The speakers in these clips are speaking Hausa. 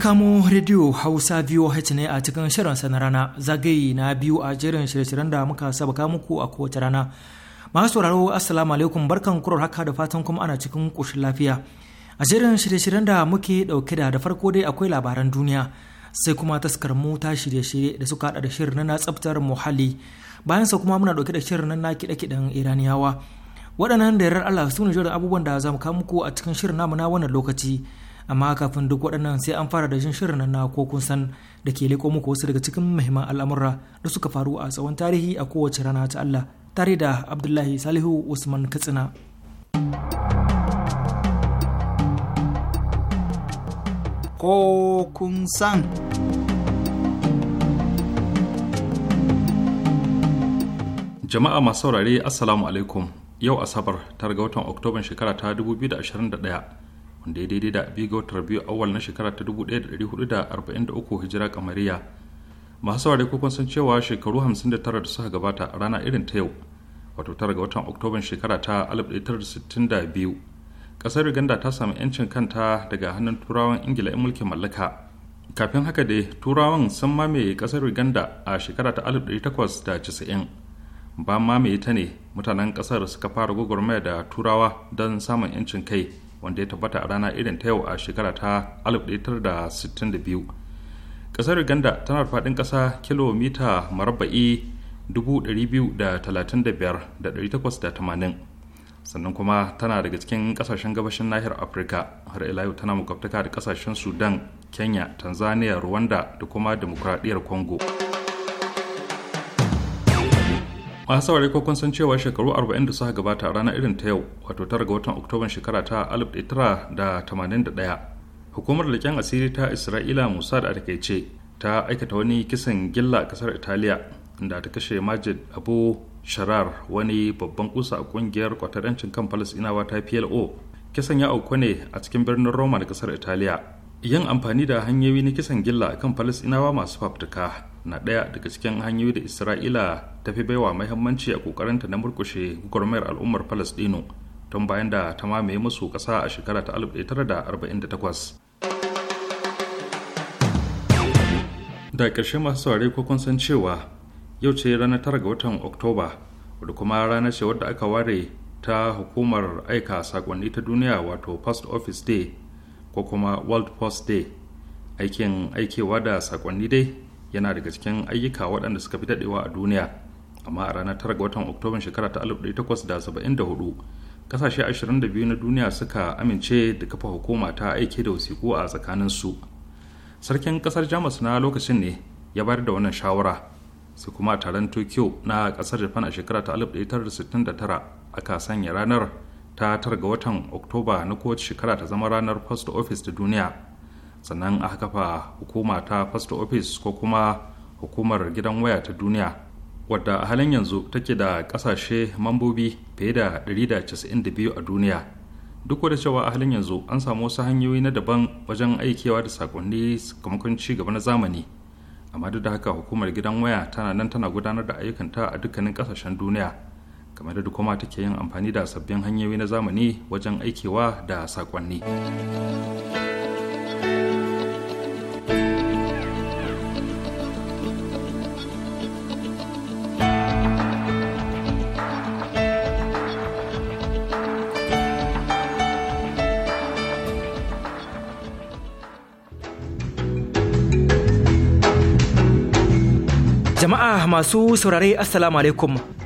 kamo rediyo Hausa VOH ne a cikin shirinsa na rana zagaye na biyu a jerin shirye-shiryen da muka sabaka muku a kowace rana. Masu sauraro Assalamu alaikum barkan kurar haka da fatan kuma ana cikin ƙoshin lafiya. A jerin shirye-shiryen da muke dauke da da farko dai akwai labaran duniya sai kuma taskar mu ta shirye-shirye da suka hada da shirin na tsaftar muhalli. Bayan sa kuma muna dauke da shirin na kiɗe-kiɗen Iraniyawa. Waɗannan da yarar Allah su ne jerin abubuwan da za mu kawo muku a cikin shirin namu na wannan lokaci. amma kafin duk waɗannan sai an fara da jin shirin na ko kun san da ke leƙo muku wasu daga cikin muhimman al'amura da suka faru a tsawon tarihi a kowace rana ta Allah tare da Abdullahi Salihu Usman Katsina. Ko kun san. Jama'a masu saurare Assalamu alaikum yau Asabar tare ga watan Oktoban shekara ta 2021 wanda ya daidai da biyu ga watar biyu awal na shekara ta 1443 hijira kamariya masu saurari ko san cewa shekaru 59 da suka gabata a rana irin ta yau wato tara ga watan oktoban shekara ta 1962 kasar uganda ta samu yancin kanta daga hannun turawan ingila in mulkin mallaka kafin haka dai turawan sun mamaye kasar uganda a shekara ta 1890 ba mamaye ta ne mutanen kasar suka fara gwagwarmaya da turawa don samun yancin kai wanda ya tabbata a rana irin ta yau a shekara ta 1962 ƙasar uganda tana faɗin ƙasa kilomita marabba'i 235,880 sannan kuma tana daga cikin ƙasashen gabashin nahiyar afirka har ila yau tana makwabtaka da ƙasashen sudan kenya tanzania rwanda da kuma demokradiyyar congo masu saurari ko kun san cewa shekaru 40 da suka gabata a ranar irin ta yau wato tara ga watan oktoban shekara ta 1981 hukumar leƙen asiri ta isra'ila musa da arkaice ta aikata wani kisan gilla a kasar italiya da ta kashe majid abu sharar wani babban kusa a ƙungiyar kwatarancin kan falasinawa ta plo kisan ya auku ne a cikin birnin roma da kasar italiya yin amfani da hanyoyi na kisan gilla kan falasinawa masu fafutuka na ɗaya daga cikin hanyoyi da isra'ila ta fi baiwa mahimmanci a kokarinta na murkushe gwagwarmayar al'ummar falasɗinu tun bayan da ta mamaye musu ƙasa a shekara ta 1948 da ƙarshe masu saurare ko kun san cewa yau ce ranar tara ga watan oktoba wadda kuma rana ce wadda aka ware ta hukumar aika sakonni ta duniya wato post office day ko kuma world post day aikin aikewa da sakonni dai yana daga cikin ayyuka waɗanda suka fi daɗewa a duniya amma a ranar 9 ga watan oktoban shekara ta 1874 kasashe 22 na duniya suka amince da kafa hukuma ta aike da wasiku a tsakanin su sarkin kasar jamus na lokacin ne ya bayar da wannan shawara sai kuma taron tokyo na kasar japan a shekara ta 1969 aka sanya ranar ta tara ga watan oktoba na kowace shekara ta zama ranar post office ta duniya sannan aka kafa hukuma ta post office ko kuma hukumar gidan waya ta duniya wadda a halin yanzu take da kasashe mambobi fiye da 192 a duniya duk da cewa a halin yanzu an samu wasu hanyoyi na daban wajen aikewa da sakonni sakamakon ci gaba na zamani amma duk da haka hukumar gidan waya tana nan tana gudanar da ayyukanta a dukkanin kasashen duniya kamar da kuma take yin amfani da sabbin hanyoyi na zamani wajen aikewa da saƙonni. Jama'a masu saurare Assalamu alaikum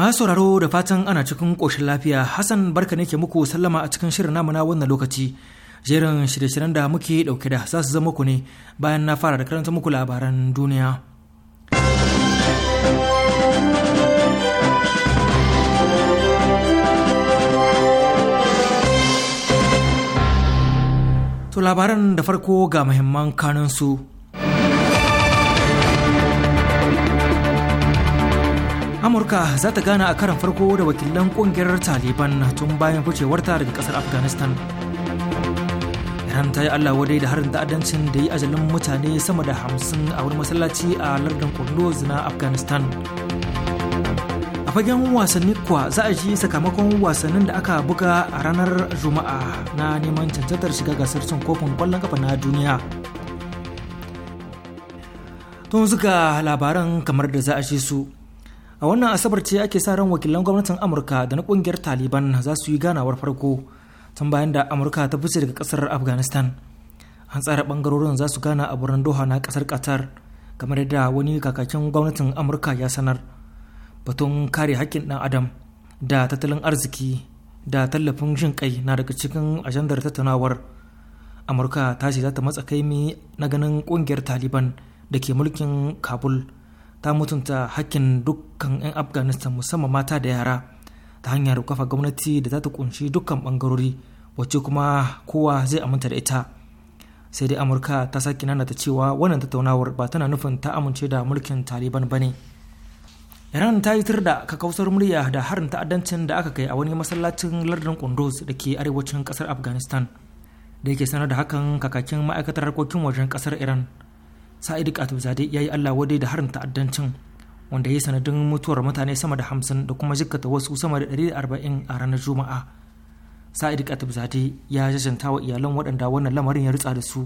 Masu sauraro da fatan ana cikin ƙoshin lafiya Hassan barka ne ke muku sallama a cikin shirin namu na wannan lokaci. Jerin shirye-shiryen da muke ɗauke da za su zama ku ne bayan na fara da karanta muku labaran duniya. To labaran da farko ga muhimman kanunsu. amurka za ta gana a karan farko da wakilan kungiyar taliban tun bayan ficewarta daga kasar afghanistan iran ta yi allah wadai da harin ta'addancin da yi ajalin mutane sama da hamsin a wani masallaci a lardin kunduz na afghanistan a fagen wasanni kuwa za a ji sakamakon wasannin da aka buga a ranar juma'a na neman cancantar shiga gasar cin kofin kwallon kafa na duniya tun suka labaran kamar da za a ji su a wannan asabar ce ake sa ran wakilan gwamnatin amurka da na kungiyar taliban za su yi ganawar farko tun bayan da amurka ta fice daga kasar afghanistan an tsara bangarorin za su gana a birnin doha na kasar qatar kamar yadda wani kakakin gwamnatin amurka ya sanar batun kare hakkin dan adam da tattalin arziki da tallafin jin kai na daga cikin ajandar tattaunawar amurka ta ce za ta matsa kaimi na ganin kungiyar taliban da ke mulkin kabul ta mutunta hakkin dukkan 'yan afghanistan musamman mata da yara ta hanyar kafa gwamnati da za ta kunshi dukkan bangarori wacce kuma kowa zai aminta da ita sai dai amurka ta sake ta cewa wannan tattaunawar ba tana nufin ta amince da mulkin taliban ba ne iran ta yi yitar da kakausar murya da harin ta'addancin da aka kai a wani masallacin lardin kunduz da ke arewacin kasar afghanistan da yake sanar da hakan kakakin ma'aikatar harkokin wajen kasar iran sa'idu zade ya yi allah wadai da harin ta'addancin wanda ya yi sanadin mutuwar mutane sama da hamsin da kuma jikkata wasu sama da 140 a ranar juma'a sa'idu zade ya jajanta wa iyalan waɗanda wannan lamarin ya ritsa da su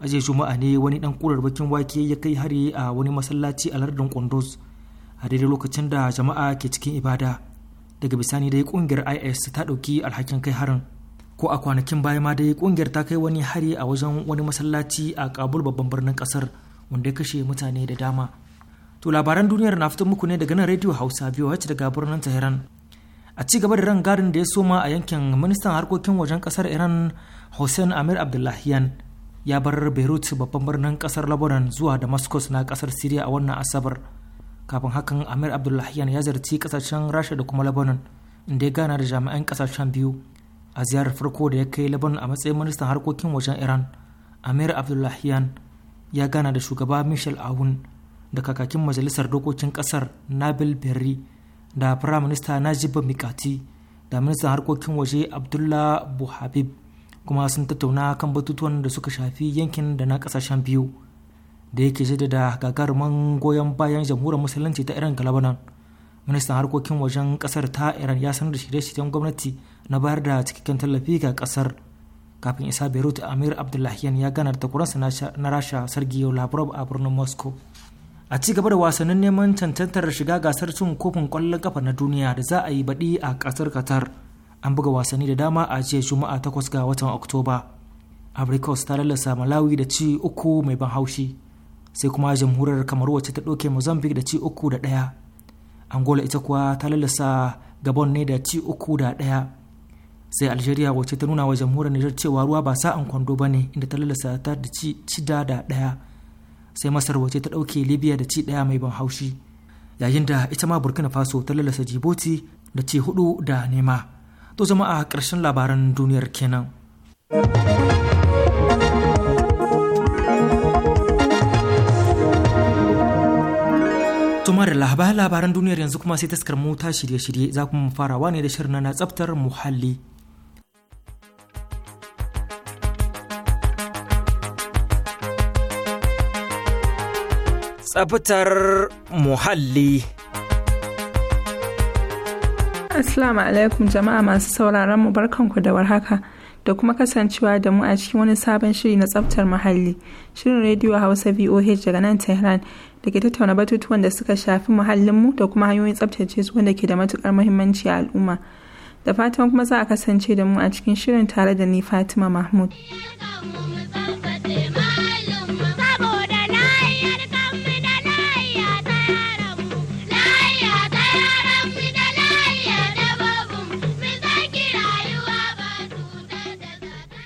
a jiya juma'a ne wani dan kurar bakin wake ya kai hari a wani masallaci a lardin kondos a daidai lokacin da jama'a ke cikin ibada daga bisani dai kungiyar is ta ɗauki alhakin kai harin ko a kwanakin baya ma dai kungiyar ta kai wani hari a wajen wani masallaci a kabul babban birnin kasar wanda ya kashe mutane da dama to labaran duniyar na fito muku ne daga nan radio hausa voh daga birnin tehran a ci gaba da rangadin da ya soma a yankin ministan harkokin wajen kasar iran hussein amir abdullahiyan ya bar beirut babban birnin kasar lebanon zuwa damascus na kasar syria a wannan asabar kafin hakan amir abdullahiyan ya zarci kasashen rasha da kuma lebanon inda ya gana da jami'an kasashen biyu a ziyarar farko da ya kai laban a matsayin ministan harkokin wajen iran amir abdullahian ya gana da shugaba michel aoun da kakakin majalisar dokokin kasar nabil berri da firaminista najib mikati da ministan harkokin waje abdullah buhabib kuma sun tattauna kan batutuwan da suka shafi yankin da na kasashen biyu da yake jaddada gagarumin goyon bayan jamhuriyar musulunci ta iran ga labanan ministan harkokin wajen kasar ta iran ya sanar da shirye-shiryen gwamnati na bayar da cikakken tallafi ga kasar kafin isa beirut amir abdullahian ya gana da kuransa na rasha sergio lavrov a birnin moscow a ci gaba da wasannin neman cancantar shiga gasar cin kofin kwallon kafa na duniya da za a yi baɗi a kasar qatar an buga wasanni da dama a jiya juma'a takwas ga watan oktoba abrikos ta lallasa malawi da ci uku mai ban haushi sai kuma jamhuriyar kamaru wacce ta ɗauke mozambique da ci uku da ɗaya angola ita kuwa ta lalasa gabon ne da ci uku da ɗaya sai algeria wace ta nuna wa jamhuriyar nijar cewa ruwa ba sa an kwando ba ne inda ta lalasa ta da ci cida da ɗaya sai masar wace ta ɗauke libya da ci daya mai ban haushi yayin da ita ma burkina faso ta lalasa djibouti da ci hudu da nema to jama'a karshen labaran duniyar kenan. To Marilla, labaran duniyar yanzu kuma sai taskar mu ta shirye-shirye za kuma farawa ne da shirin na tsaftar muhalli. Tsaftar muhalli. Assalamu alaikum jama'a masu sauraron mu barkanku da warhaka. da kuma kasancewa da mu a cikin wani sabon shiri na tsaftar muhalli shirin rediyo hausa voh daga nan tehran da ke tattauna batutuwan da suka shafi muhallinmu da kuma hanyoyin tsaftace su wanda ke da matukar muhimmanci a al'umma da fatan kuma za a kasance da mu a cikin shirin tare da ni fatima mahmud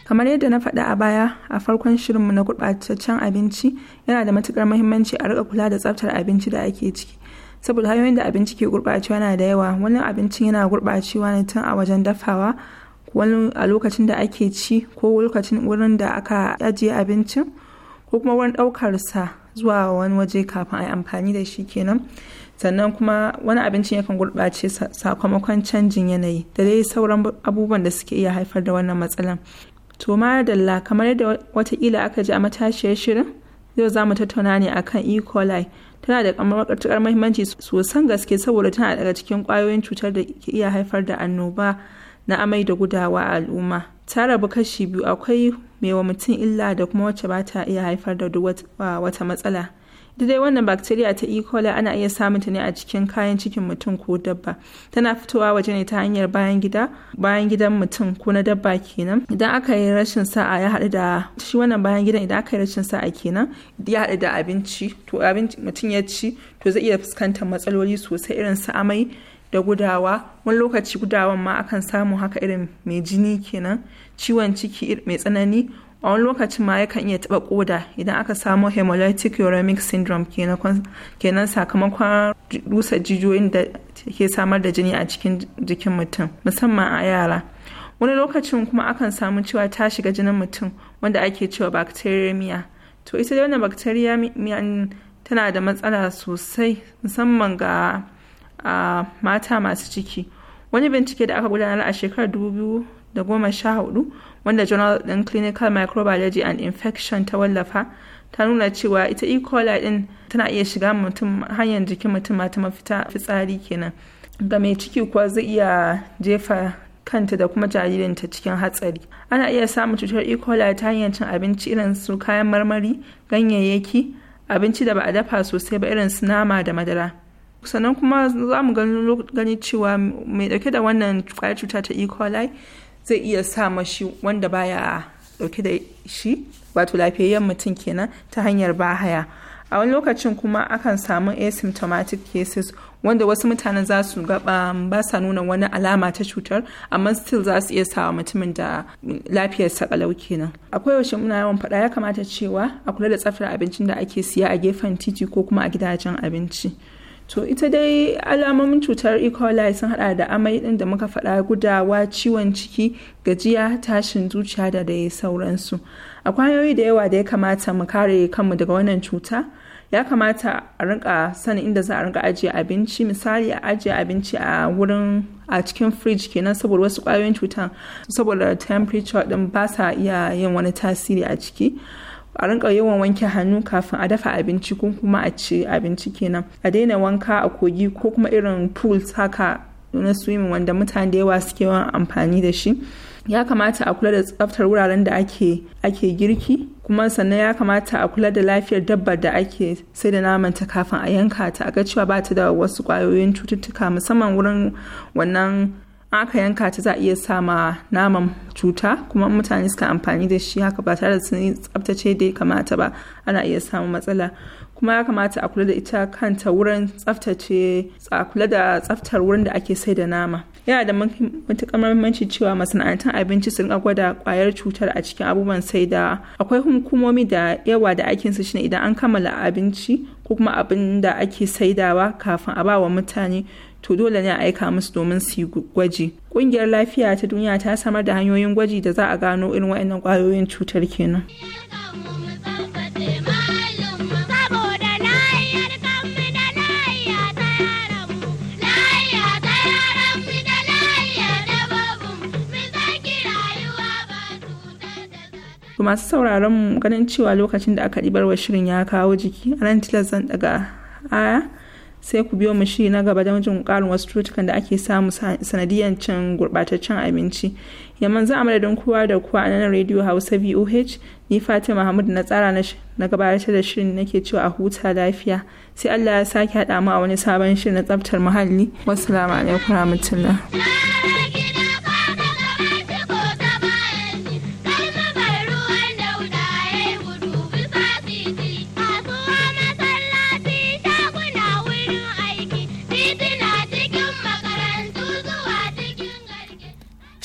kamar yadda na faɗa a baya a farkon shirinmu na gurɓataccen abinci yana da matukar muhimmanci a rika kula da tsaftar abinci da ake ciki saboda hanyoyin da abinci ke gurɓacewa na da yawa wani abincin yana gurɓacewa ne tun a wajen dafawa wani a lokacin da ake ci ko lokacin wurin da aka ajiye abincin ko kuma wurin ɗaukarsa zuwa wani waje kafin a yi amfani da shi kenan sannan kuma wani abincin yakan gurɓace sakamakon canjin yanayi da dai sauran abubuwan da suke iya haifar da wannan matsalan to dalla kamar yadda watakila aka ji a matashiyar shirin yau za mu tattauna ne akan e. coli tana da matuƙar mahimmanci sosan gaske saboda tana daga cikin ƙwayoyin cutar da ke iya haifar da annoba na amai da gudawa a al'umma ta rabu kashi biyu akwai mai wa mutum illa da kuma wacce ba ta iya haifar da wata matsala dai wannan bacteria ta E. coli ana iya samun ta ne a cikin kayan cikin mutum ko dabba tana fitowa waje ne ta hanyar bayan gida bayan gidan mutum ko na dabba kenan idan aka yi rashin sa'a ya haɗu da shi wannan bayan gidan idan aka yi rashin sa'a kenan ya haɗu da abinci to abinci mutum ya ci to zai iya fuskantar matsaloli sosai irin su amai da gudawa wani lokaci gudawan ma akan samu haka irin mai jini kenan ciwon ciki mai tsanani a wani lokacin ma yakan iya taɓa ƙoda idan aka samu hemolytic uremic syndrome kenan sakamakon dusa jijiyoyin da ke samar da jini a cikin jikin mutum musamman a yara wani lokacin kuma akan samu cewa ta shiga jinin mutum wanda ake cewa bacteremia to ita da wannan bacteremia tana da matsala sosai musamman ga mata masu ciki wani bincike da aka gudanar a shekarar 2014 wanda journal din clinical microbiology and infection ta wallafa ta nuna cewa ita e. coli din tana iya shiga mutum hanyar jikin mutum mata ta mafita fitsari kenan ga mai ciki kuwa zai iya jefa kanta da kuma jaririnta cikin hatsari ana iya samun cutar e. coli ta hanyar cin abinci irin su kayan marmari ganyayyaki abinci da ba a dafa sosai ba irin su nama da madara sannan kuma za mu gani cewa mai dauke da wannan kwayar cuta ta e. coli zai iya sa mashi wanda baya dauke da shi wato lafiyayyen mutum kenan ta hanyar bahaya a wani lokacin kuma akan samu asymptomatic cases wanda wasu mutanen za su gaba ba sa nuna wani alama ta cutar amma still za su iya sawa mutumin da lafiyar sakalau kenan akwai yaushe muna yawan faɗa ya kamata cewa a kula da tsaftar abincin da ake siya a gefen titi ko kuma a gidajen abinci to ita dai alamomin cutar e. coli sun hada da amai din da muka faɗa gudawa ciwon ciki gajiya tashin zuciya da dai sauransu a kwayoyi da yawa da ya kamata mu kare kanmu daga wannan cuta ya kamata a rinka sanin inda za a rinka ajiye abinci misali a ajiye abinci a wurin a cikin fridge kenan saboda wasu kwayoyin cutan saboda temperature din ba sa iya yin wani tasiri a ciki a rinka yawan wanke hannu kafin a dafa abinci ko kuma a ci abinci kenan a daina wanka a kogi ko kuma irin pools haka na swimming wanda mutane da yawa suke yawan amfani da shi ya kamata a kula da tsaftar wuraren da ake girki kuma sannan ya kamata a kula da lafiyar dabbar da ake sai da namanta kafin a yanka ta a ga cewa ba ta da wasu kwayoyin cututtuka musamman wurin wannan aka yanka ta za a iya sama naman cuta kuma mutane suka amfani da shi haka ba tare da sun tsabtace da ya kamata ba ana iya samun matsala kuma ya kamata a kula da ita kanta wurin tsabtace a kula da tsaftar wurin da ake sai da nama yana da matuƙar muhimmanci cewa masana'antar abinci sun gwada kwayar cutar a cikin abubuwan sai da akwai hukumomi da yawa da aikin su shine idan an kammala abinci ko kuma abin da ake saidawa kafin a ba wa mutane to dole ne a aika musu domin su gwaji ƙungiyar lafiya ta duniya ta samar da hanyoyin gwaji da za a gano irin waɗannan ƙwayoyin cutar kenan. masu sauraron mu ganin cewa lokacin da aka ɗibar wa shirin ya kawo jiki a nan tilas zan daga aya sai ku biyo mu shi na gaba don jin ƙarin wasu cutukan da ake samu sanadiyan cin gurbataccen abinci yamman za a madadin kowa da kowa a nanar rediyo hausa voh ni fatima hamud na tsara na gabatar da shirin nake cewa a huta lafiya sai allah ya sake haɗa mu a wani sabon shirin na tsaftar muhalli wasu alaikum rahmatullah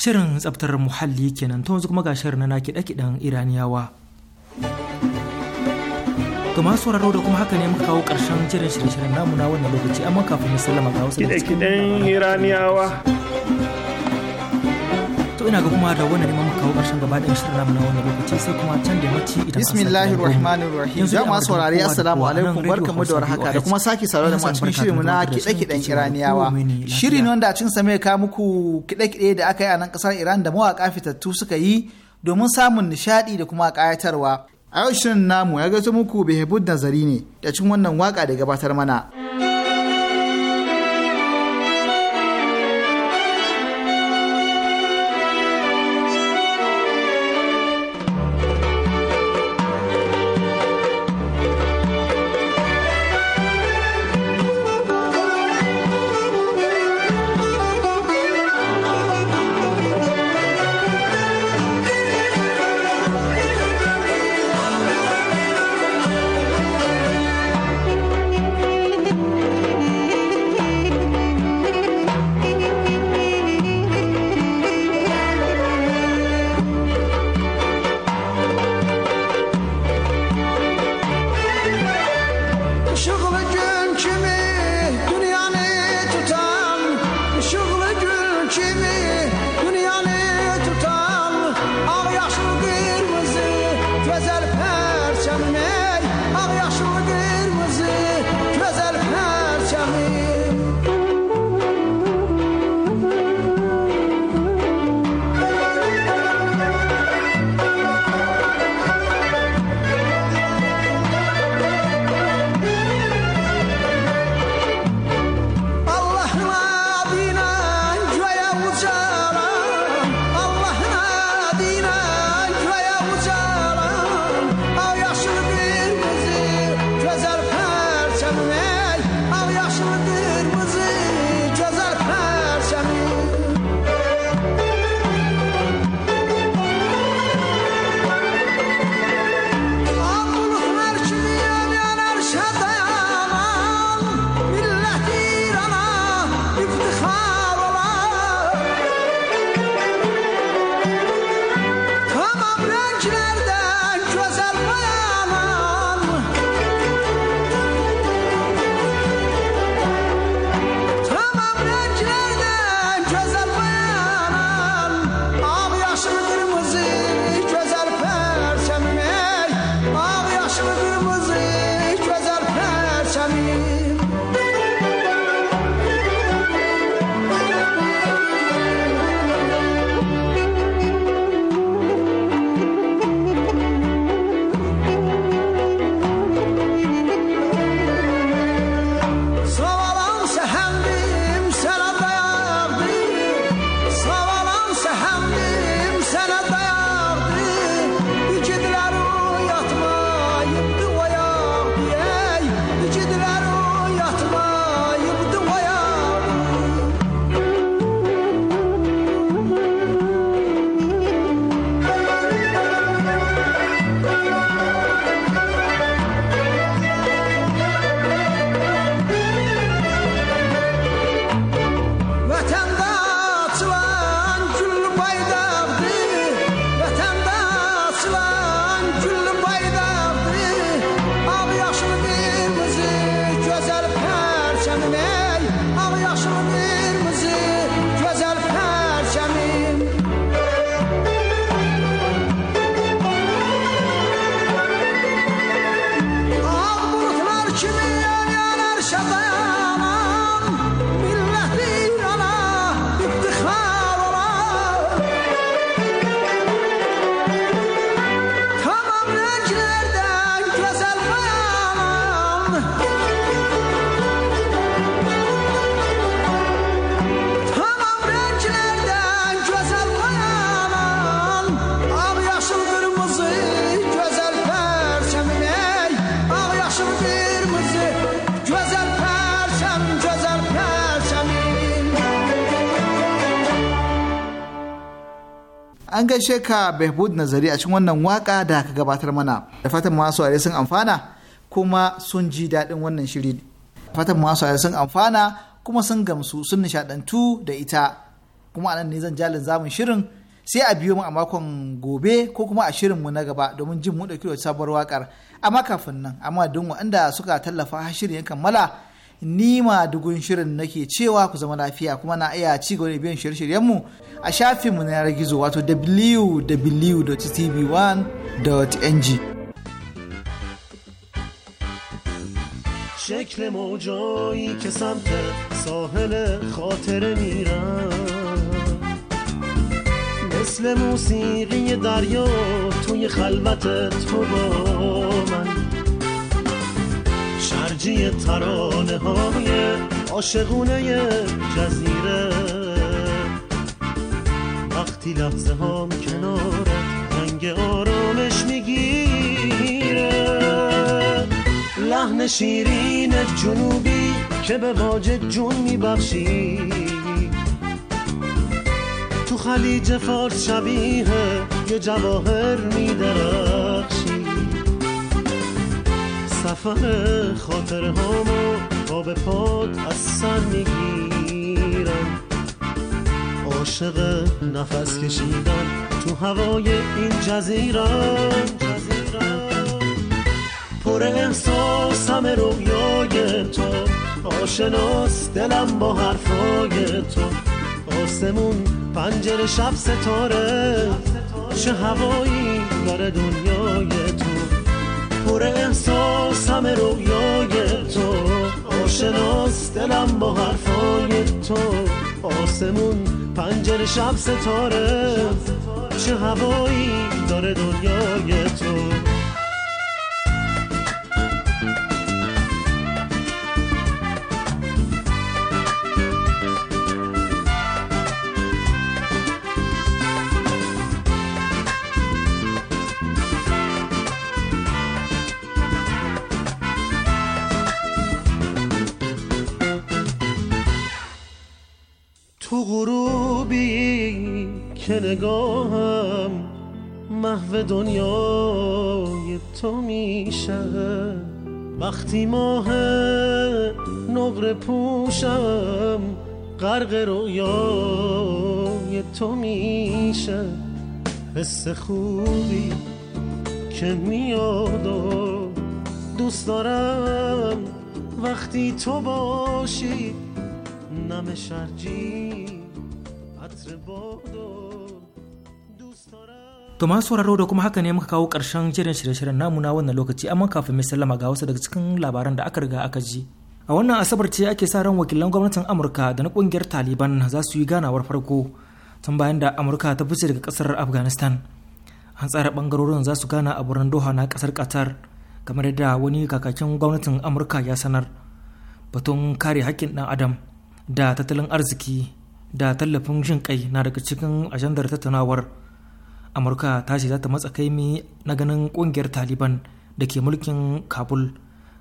Shirin tsabtar muhalli kenan ta yanzu kuma ga shirin na kiɗe-kiɗen Iraniyawa. Ga masu sauraro da kuma haka ne muka kawo karshen jiran shirin namuna namu wannan lokaci amma kafin mu sallama ga wasu da cikin Iraniyawa. to ina ga kuma da wannan ne muka kawo karshen gaba da shirin namu na wannan lokaci sai kuma can da mace ita bismillahir rahmanir rahim jama'a saurare assalamu alaikum barkamu da warhaka da kuma sake saurare da mu shirin mu na kide-kiden iraniyawa shirin wanda a sa mai ka muku kide-kide da aka yi a nan kasar iran da mawaka fitattu suka yi domin samun nishadi da kuma kayatarwa a yau shirin namu ya gaito muku behbud nazari ne da cikin wannan waka da gabatar mana. an gaishe ka behbud nazari a cikin wannan waka da ka gabatar mana da fatan masu aure sun amfana kuma sun ji daɗin wannan shiri fatan masu aure sun amfana kuma sun gamsu sun nishaɗantu da ita kuma anan ne zan jalin zamun shirin sai a biyo mu a makon gobe ko kuma a shirin mu na gaba domin jin mu ɗauki da sabuwar wakar amma kafin nan amma don waɗanda suka tallafa shirin ya kammala ni ma dugun shirin nake cewa ku zama lafiya kuma na iya ci gaba da biyan shirye-shiryenmu a shafinmu na yanar gizo wato www.tv1.ng شکل موجایی که سمت ساحل خاطره میرم مثل موسیقی دریا توی خلوت تو با من موجی ترانه های عاشقونه جزیره وقتی لحظه هام کنارت رنگ آرامش میگیره لحن شیرین جنوبی که به واجد جون میبخشی تو خلیج فارس شبیه یه جواهر میدرد سفر خاطر هامو پا به پاد از سر میگیرم عاشق نفس کشیدن تو هوای این جزیرم پر احساس همه رویای تو آشناس دلم با حرفای تو آسمون پنجره شب ستاره چه هوایی داره دنیای پر احساس همه رویای تو آشناس دلم با حرفای تو آسمون پنجره شب ستاره چه هوایی داره دنیای تو که نگاهم محو دنیای تو میشه وقتی ماه نقر پوشم غرق رویای تو میشه حس خوبی که میاد دوست دارم وقتی تو باشی نم شرجی عطر بادو To masu sauraro da kuma haka ne muka kawo ƙarshen jerin shirye-shiryen namu na wannan lokaci amma kafin mai sallama ga wasu daga cikin labaran da aka riga aka ji. A wannan asabar ce ake sa ran wakilan gwamnatin Amurka da na kungiyar Taliban za su yi ganawar farko tun bayan da Amurka ta fice daga kasar Afghanistan. An tsara bangarorin za su gana a birnin Doha na kasar Qatar kamar da wani kakakin gwamnatin Amurka ya sanar. Batun kare haƙƙin ɗan adam da tattalin arziki da tallafin jin kai na daga cikin ajandar tattaunawar. amurka ta ce za ta matsa kaimi na ganin kungiyar taliban da ke mulkin kabul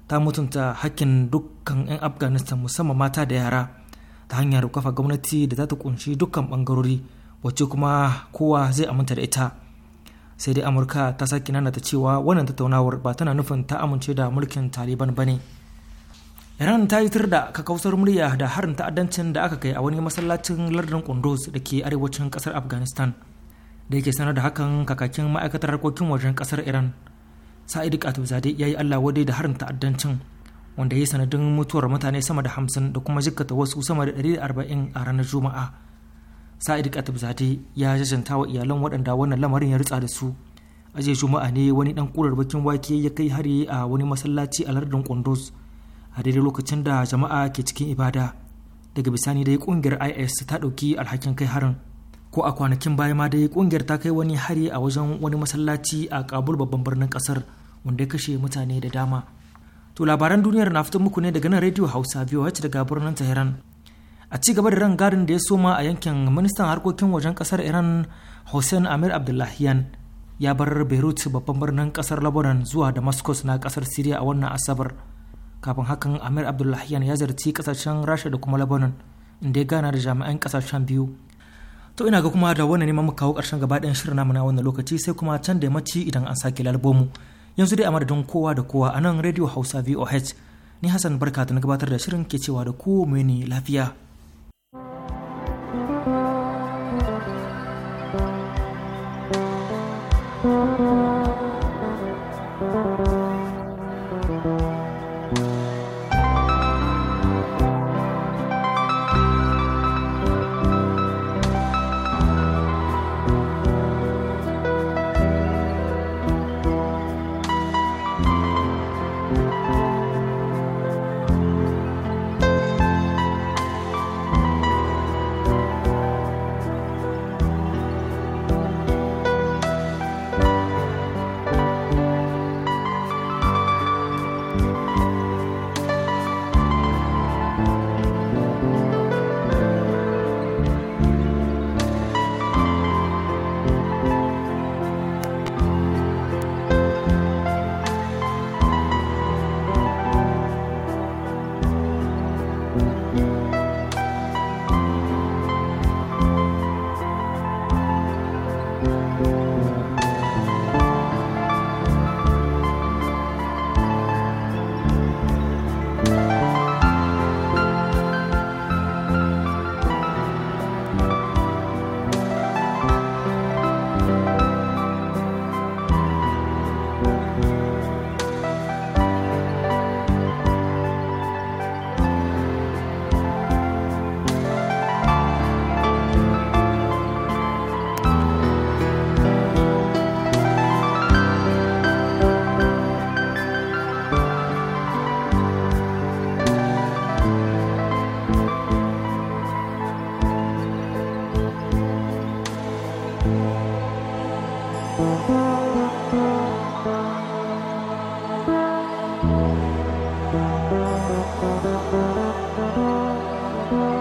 ta mutunta hakkin dukkan 'yan afghanistan musamman mata da yara ta hanyar kafa gwamnati da za ta kunshi dukkan bangarori wacce kuma kowa zai aminta da ita sai dai amurka ta sake ta cewa wannan tattaunawar ba tana nufin ta amince da mulkin taliban ba ne iran ta yitar da kakausar murya da harin ta'addancin da aka kai a wani masallacin lardin kunduz da ke arewacin kasar afghanistan da yake sanar da hakan kakakin ma'aikatar harkokin wajen kasar iran sa'id katubzade ya yi allah wadai da harin ta'addancin wanda ya yi sanadin mutuwar mutane sama da hamsin da kuma jikata wasu sama da ɗari da arba'in a ranar juma'a sa'id katubzade ya jajanta wa iyalan waɗanda wannan lamarin ya ritsa da su a juma'a ne wani dan kurar bakin wake ya kai hari a wani masallaci a lardin kondos a daidai lokacin da jama'a ke cikin ibada daga bisani dai kungiyar is ta ɗauki alhakin kai harin ko a kwanakin baya ma dai kungiyar ta kai wani hari a wajen wani masallaci a kabul babban birnin kasar wanda ya kashe mutane da dama to labaran duniyar na fito muku ne daga nan radio hausa biyu wacce daga birnin tehran a ci gaba da ran garin da ya soma a yankin ministan harkokin wajen kasar iran hussein amir abdullahiyan ya bar beirut babban birnin kasar lebanon zuwa damascus na kasar syria a wannan asabar kafin hakan amir abdullahiyan ya zarci kasashen rasha da kuma lebanon inda ya gana da jami'an kasashen biyu to ina ga kuma da wannan neman muka kawo karshen gaba ɗayan shirin namu na wannan lokaci sai kuma can da mace idan an sake lalbomu yanzu dai a madadin kowa da kowa a nan radio hausa voh ni hassan barka da na gabatar da shirin ke cewa da ku mene lafiya Thank you. Thank you.